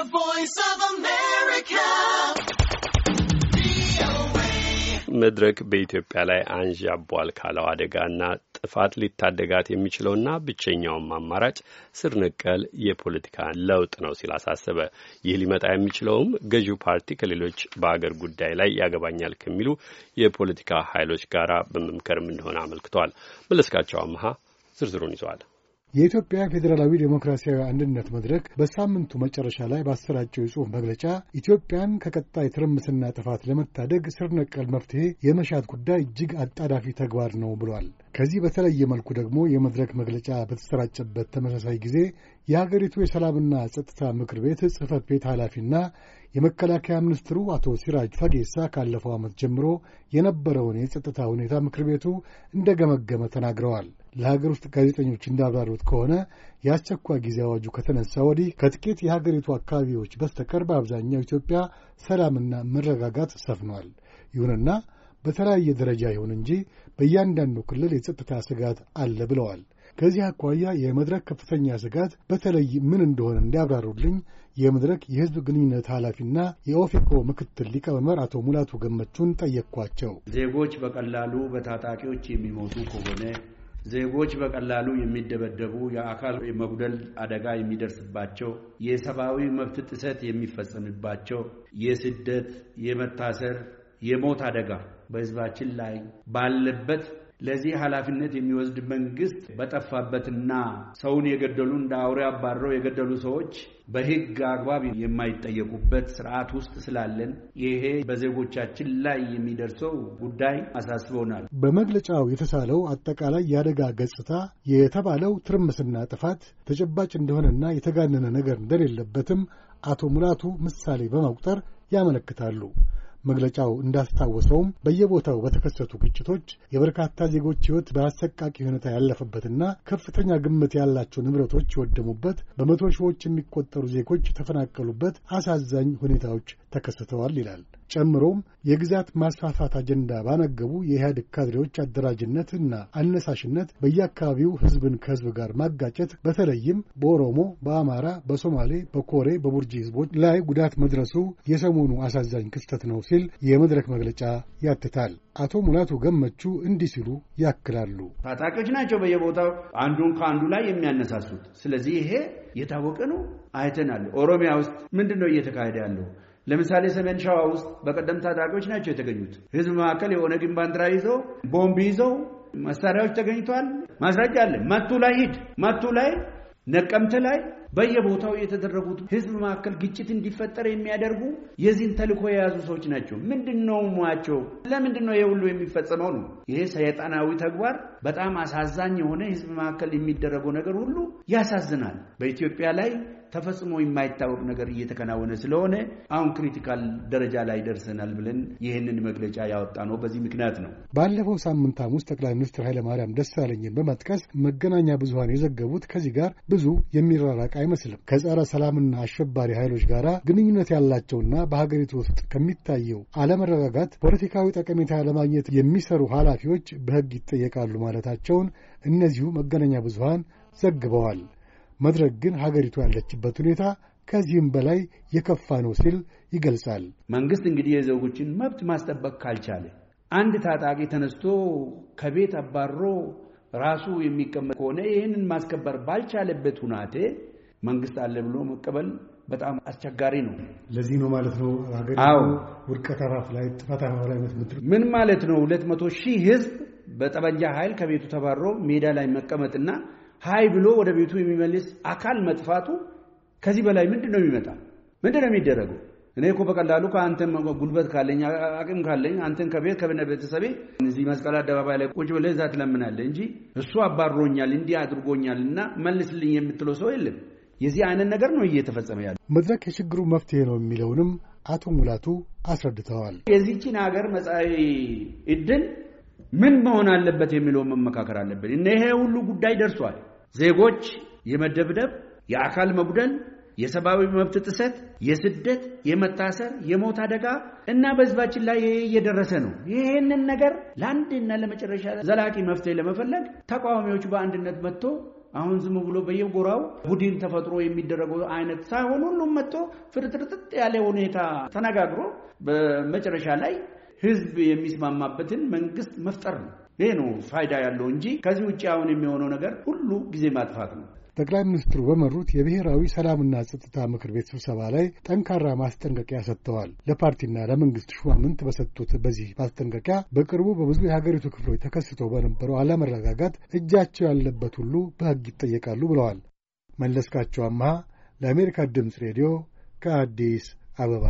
The Voice of America. መድረክ በኢትዮጵያ ላይ አንዣቧል ካለው አደጋና ጥፋት ሊታደጋት የሚችለውና ብቸኛውም አማራጭ ስር ነቀል የፖለቲካ ለውጥ ነው ሲል አሳሰበ። ይህ ሊመጣ የሚችለውም ገዢው ፓርቲ ከሌሎች በአገር ጉዳይ ላይ ያገባኛል ከሚሉ የፖለቲካ ኃይሎች ጋር በመምከርም እንደሆነ አመልክቷል። መለስካቸው አምሃ ዝርዝሩን ይዘዋል። የኢትዮጵያ ፌዴራላዊ ዴሞክራሲያዊ አንድነት መድረክ በሳምንቱ መጨረሻ ላይ ባሰራጨው የጽሑፍ መግለጫ ኢትዮጵያን ከቀጣይ ትርምስና ጥፋት ለመታደግ ስር ነቀል መፍትሄ የመሻት ጉዳይ እጅግ አጣዳፊ ተግባር ነው ብሏል። ከዚህ በተለየ መልኩ ደግሞ የመድረክ መግለጫ በተሰራጨበት ተመሳሳይ ጊዜ የሀገሪቱ የሰላምና ጸጥታ ምክር ቤት ጽህፈት ቤት ኃላፊና የመከላከያ ሚኒስትሩ አቶ ሲራጅ ፈጌሳ ካለፈው ዓመት ጀምሮ የነበረውን የጸጥታ ሁኔታ ምክር ቤቱ እንደገመገመ ተናግረዋል። ለሀገር ውስጥ ጋዜጠኞች እንዳብራሩት ከሆነ የአስቸኳይ ጊዜ አዋጁ ከተነሳ ወዲህ ከጥቂት የሀገሪቱ አካባቢዎች በስተቀር በአብዛኛው ኢትዮጵያ ሰላምና መረጋጋት ሰፍኗል። ይሁንና በተለያየ ደረጃ ይሁን እንጂ በእያንዳንዱ ክልል የጸጥታ ስጋት አለ ብለዋል። ከዚህ አኳያ የመድረክ ከፍተኛ ስጋት በተለይ ምን እንደሆነ እንዲያብራሩልኝ የመድረክ የሕዝብ ግንኙነት ኃላፊና የኦፌኮ ምክትል ሊቀመንበር አቶ ሙላቱ ገመቹን ጠየቅኳቸው። ዜጎች በቀላሉ በታጣቂዎች የሚሞቱ ከሆነ ዜጎች በቀላሉ የሚደበደቡ፣ የአካል የመጉደል አደጋ የሚደርስባቸው፣ የሰብአዊ መብት ጥሰት የሚፈጸምባቸው፣ የስደት፣ የመታሰር፣ የሞት አደጋ በህዝባችን ላይ ባለበት ለዚህ ኃላፊነት የሚወስድ መንግስት በጠፋበትና ሰውን የገደሉ እንደ አውሬ አባረው የገደሉ ሰዎች በሕግ አግባብ የማይጠየቁበት ስርዓት ውስጥ ስላለን ይሄ በዜጎቻችን ላይ የሚደርሰው ጉዳይ አሳስበናል። በመግለጫው የተሳለው አጠቃላይ የአደጋ ገጽታ የተባለው ትርምስና ጥፋት ተጨባጭ እንደሆነና የተጋነነ ነገር እንደሌለበትም አቶ ሙላቱ ምሳሌ በመቁጠር ያመለክታሉ። መግለጫው እንዳስታወሰውም በየቦታው በተከሰቱ ግጭቶች የበርካታ ዜጎች ሕይወት በአሰቃቂ ሁኔታ ያለፈበትና ከፍተኛ ግምት ያላቸው ንብረቶች የወደሙበት፣ በመቶ ሺዎች የሚቆጠሩ ዜጎች የተፈናቀሉበት አሳዛኝ ሁኔታዎች ተከስተዋል ይላል። ጨምሮም የግዛት ማስፋፋት አጀንዳ ባነገቡ የኢህአዴግ ካድሬዎች አደራጅነትና አነሳሽነት በየአካባቢው ህዝብን ከህዝብ ጋር ማጋጨት በተለይም በኦሮሞ፣ በአማራ፣ በሶማሌ፣ በኮሬ፣ በቡርጂ ህዝቦች ላይ ጉዳት መድረሱ የሰሞኑ አሳዛኝ ክስተት ነው ሲል የመድረክ መግለጫ ያትታል። አቶ ሙላቱ ገመቹ እንዲህ ሲሉ ያክላሉ። ታጣቂዎች ናቸው በየቦታው አንዱን ከአንዱ ላይ የሚያነሳሱት። ስለዚህ ይሄ የታወቀ ነው፣ አይተናል። ኦሮሚያ ውስጥ ምንድን ነው እየተካሄደ ያለው? ለምሳሌ ሰሜን ሸዋ ውስጥ በቀደም ታጣቂዎች ናቸው የተገኙት። ህዝብ መካከል ግን ባንዲራ ይዘው ቦምብ ይዘው መሳሪያዎች ተገኝተዋል። ማስረጃ አለ። መቱ ላይ ሂድ፣ መቱ ላይ፣ ነቀምት ላይ በየቦታው የተደረጉት ህዝብ መካከል ግጭት እንዲፈጠር የሚያደርጉ የዚህን ተልእኮ የያዙ ሰዎች ናቸው። ምንድን ነው ሟቸው? ለምንድን ነው ይህ የሚፈጸመው ነው? ይሄ ሰይጣናዊ ተግባር በጣም አሳዛኝ የሆነ ህዝብ መካከል የሚደረገው ነገር ሁሉ ያሳዝናል። በኢትዮጵያ ላይ ተፈጽሞ የማይታወቅ ነገር እየተከናወነ ስለሆነ አሁን ክሪቲካል ደረጃ ላይ ደርሰናል ብለን ይህንን መግለጫ ያወጣ ነው በዚህ ምክንያት ነው። ባለፈው ሳምንት ሐሙስ ጠቅላይ ሚኒስትር ኃይለማርያም ደሳለኝን በመጥቀስ መገናኛ ብዙሀን የዘገቡት ከዚህ ጋር ብዙ የሚራራቅ አይመስልም። ከጸረ ሰላምና አሸባሪ ኃይሎች ጋር ግንኙነት ያላቸውና በሀገሪቱ ውስጥ ከሚታየው አለመረጋጋት ፖለቲካዊ ጠቀሜታ ለማግኘት የሚሰሩ ኃላፊዎች በሕግ ይጠየቃሉ ማለታቸውን እነዚሁ መገናኛ ብዙሀን ዘግበዋል። መድረክ ግን ሀገሪቱ ያለችበት ሁኔታ ከዚህም በላይ የከፋ ነው ሲል ይገልጻል። መንግስት እንግዲህ የዜጎችን መብት ማስጠበቅ ካልቻለ አንድ ታጣቂ ተነስቶ ከቤት አባሮ ራሱ የሚቀመጥ ከሆነ ይህንን ማስከበር ባልቻለበት ሁናቴ መንግስት አለ ብሎ መቀበል በጣም አስቸጋሪ ነው። ለዚህ ነው ማለት ነው ሀገሪቱ ውድቀት አፋፍ ላይ ጥፋት አፋፍ ላይ ምን ማለት ነው? ሁለት መቶ ሺህ ህዝብ በጠበንጃ ኃይል ከቤቱ ተባሮ ሜዳ ላይ መቀመጥና ሀይ ብሎ ወደ ቤቱ የሚመልስ አካል መጥፋቱ ከዚህ በላይ ምንድን ነው የሚመጣ? ምንድን ነው የሚደረገው? እኔ እኮ በቀላሉ ከአንተን ጉልበት ካለኝ አቅም ካለኝ አንተን ከቤት ከብነ ቤተሰቤ እዚህ መስቀል አደባባይ ላይ ቁጭ ብለህ እዛ ትለምናለህ እንጂ እሱ አባሮኛል እንዲህ አድርጎኛል እና መልስልኝ የምትለው ሰው የለም። የዚህ አይነት ነገር ነው እየተፈጸመ ያለ። መድረክ የችግሩ መፍትሄ ነው የሚለውንም አቶ ሙላቱ አስረድተዋል። የዚችን ሀገር መጻኢ ዕድል ምን መሆን አለበት የሚለውን መመካከር አለብን እና ይሄ ሁሉ ጉዳይ ደርሷል። ዜጎች የመደብደብ፣ የአካል መጉደል፣ የሰብአዊ መብት ጥሰት፣ የስደት፣ የመታሰር፣ የሞት አደጋ እና በህዝባችን ላይ እየደረሰ ነው። ይህንን ነገር ለአንድና ለመጨረሻ ዘላቂ መፍትሄ ለመፈለግ ተቃዋሚዎቹ በአንድነት መጥቶ አሁን ዝም ብሎ በየጎራው ቡድን ተፈጥሮ የሚደረገው አይነት ሳይሆን ሁሉም መጥቶ ፍርጥርጥጥ ያለ ሁኔታ ተነጋግሮ በመጨረሻ ላይ ህዝብ የሚስማማበትን መንግስት መፍጠር ነው። ይሄ ነው ፋይዳ ያለው እንጂ ከዚህ ውጭ አሁን የሚሆነው ነገር ሁሉ ጊዜ ማጥፋት ነው። ጠቅላይ ሚኒስትሩ በመሩት የብሔራዊ ሰላምና ጸጥታ ምክር ቤት ስብሰባ ላይ ጠንካራ ማስጠንቀቂያ ሰጥተዋል። ለፓርቲና ለመንግስት ሹማምንት በሰጡት በዚህ ማስጠንቀቂያ በቅርቡ በብዙ የሀገሪቱ ክፍሎች ተከስቶ በነበረው አለመረጋጋት እጃቸው ያለበት ሁሉ በሕግ ይጠየቃሉ ብለዋል። መለስካቸው አምሃ ለአሜሪካ ድምፅ ሬዲዮ ከአዲስ አበባ